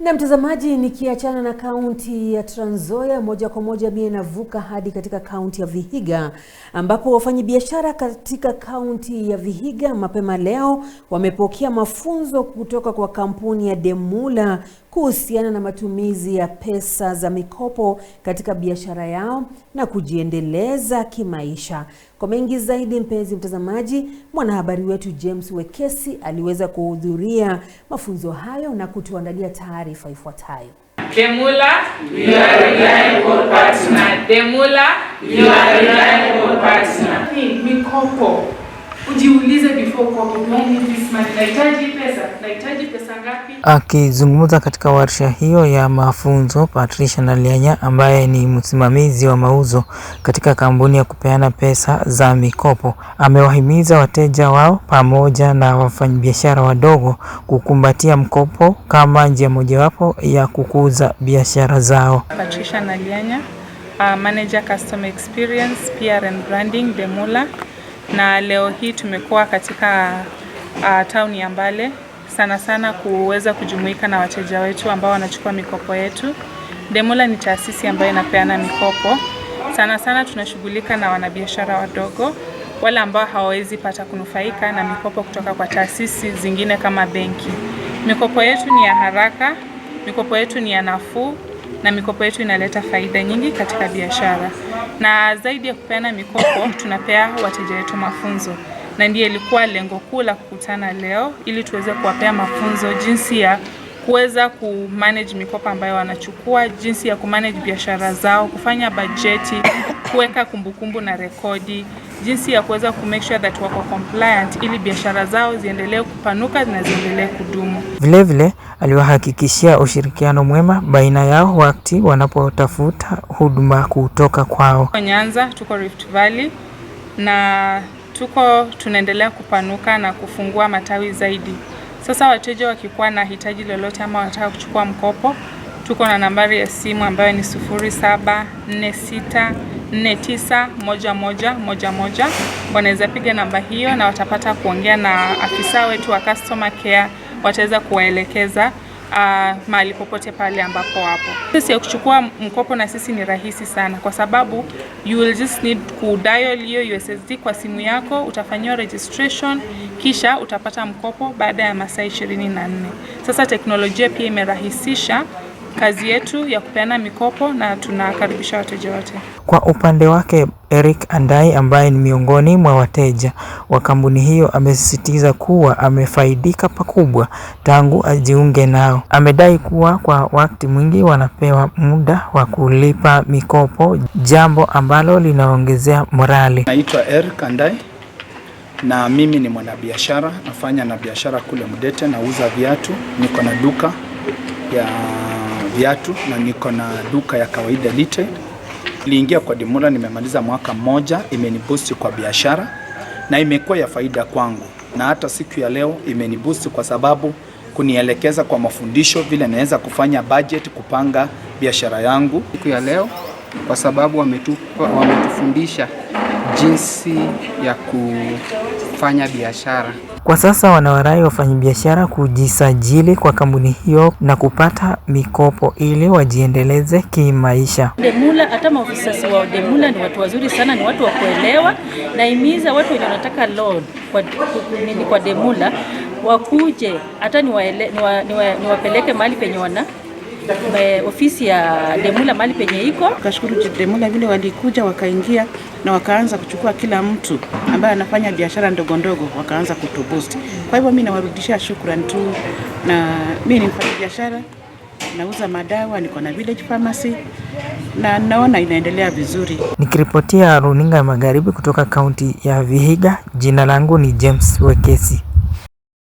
Na mtazamaji, nikiachana na kaunti ya Trans Nzoia moja kwa moja mie navuka hadi katika kaunti ya Vihiga ambapo wafanyabiashara katika kaunti ya Vihiga mapema leo wamepokea mafunzo kutoka kwa kampuni ya Demula kuhusiana na matumizi ya pesa za mikopo katika biashara yao na kujiendeleza kimaisha. Kwa mengi zaidi, mpenzi mtazamaji, mwanahabari wetu James Wekesi aliweza kuhudhuria mafunzo hayo na kutuandalia taarifa ifuatayo. Demula, you are reliable partner. Demula, you are reliable partner. Mikopo ujiulize before this money? Nahitaji pesa, nahitaji pesa ngapi? Akizungumza katika warsha hiyo ya mafunzo, Patricia nalianya ambaye ni msimamizi wa mauzo katika kampuni ya kupeana pesa za mikopo amewahimiza wateja wao pamoja na wafanyabiashara wadogo kukumbatia mkopo kama njia mojawapo ya kukuza biashara zao. Patricia uh, manager customer experience, PR and branding, Demula na leo hii tumekuwa katika uh, ah, tauni ya Mbale sana sana kuweza kujumuika na wateja wetu ambao wanachukua mikopo yetu. Demola ni taasisi ambayo inapeana mikopo sana sana, tunashughulika na wanabiashara wadogo, wale ambao hawawezi pata kunufaika na mikopo kutoka kwa taasisi zingine kama benki. Mikopo yetu ni ya haraka, mikopo yetu ni ya nafuu na mikopo yetu inaleta faida nyingi katika biashara. Na zaidi ya kupeana mikopo, tunapea wateja wetu mafunzo, na ndiyo ilikuwa lengo kuu la kukutana leo, ili tuweze kuwapea mafunzo jinsi ya kuweza kumanage mikopo ambayo wanachukua, jinsi ya kumanage biashara zao, kufanya bajeti, kuweka kumbukumbu na rekodi jinsi ya kuweza ku make sure that wako compliant ili biashara zao ziendelee kupanuka na ziendelee kudumu. Vilevile aliwahakikishia ushirikiano mwema baina yao wakati wanapotafuta huduma kutoka kwao. Nyanza tuko Rift Valley na tuko tunaendelea kupanuka na kufungua matawi zaidi. Sasa wateja wakikuwa na hitaji lolote ama wanataka kuchukua mkopo, tuko na nambari ya simu ambayo ni 0746 491111. Wanaweza piga namba hiyo na watapata kuongea na afisa wetu wa customer care, wataweza kuwaelekeza Uh, mahali popote pale ambapo wapo. Sisi ya kuchukua mkopo na sisi ni rahisi sana, kwa sababu you will just need ku dial hiyo USSD kwa simu yako, utafanyiwa registration, kisha utapata mkopo baada ya masaa 24. Sasa teknolojia pia imerahisisha kazi yetu ya kupeana mikopo na tunakaribisha wateja wote. Kwa upande wake, Eric Andai ambaye ni miongoni mwa wateja wa kampuni hiyo amesisitiza kuwa amefaidika pakubwa tangu ajiunge nao. Amedai kuwa kwa wakati mwingi wanapewa muda wa kulipa mikopo, jambo ambalo linaongezea morali. Naitwa Eric Andai na mimi ni mwanabiashara, nafanya na biashara kule Mdete, nauza viatu, niko na duka ya viatu na niko na duka ya kawaida Lite. Niliingia kwa dimura nimemaliza mwaka mmoja, imenibusti kwa biashara na imekuwa ya faida kwangu, na hata siku ya leo imenibusti kwa sababu kunielekeza kwa mafundisho vile naweza kufanya budget, kupanga biashara yangu siku ya leo, kwa sababu wametufundisha jinsi ya kufanya biashara. Kwa sasa wanawarai wafanyabiashara kujisajili kwa kampuni hiyo na kupata mikopo ili wajiendeleze kimaisha. Demula, hata maofisa wa Demula ni watu wazuri sana, ni watu wa kuelewa. Naimiza watu wenye wanataka loan kwa, kwa Demula wakuje hata niwapeleke ni wa, ni wa, ni mahali penye wana ofisi ya Demula mali penye iko. Tukashukuru Demula vile walikuja wakaingia na wakaanza kuchukua kila mtu ambaye anafanya biashara ndogo ndogo, wakaanza kutuboost. Kwa hivyo mimi nawarudishia shukrani tu, na mimi ni biashara nauza madawa, niko na village pharmacy na naona inaendelea vizuri. Nikiripotia runinga ya Magharibi kutoka kaunti ya Vihiga, jina langu ni James Wekesi.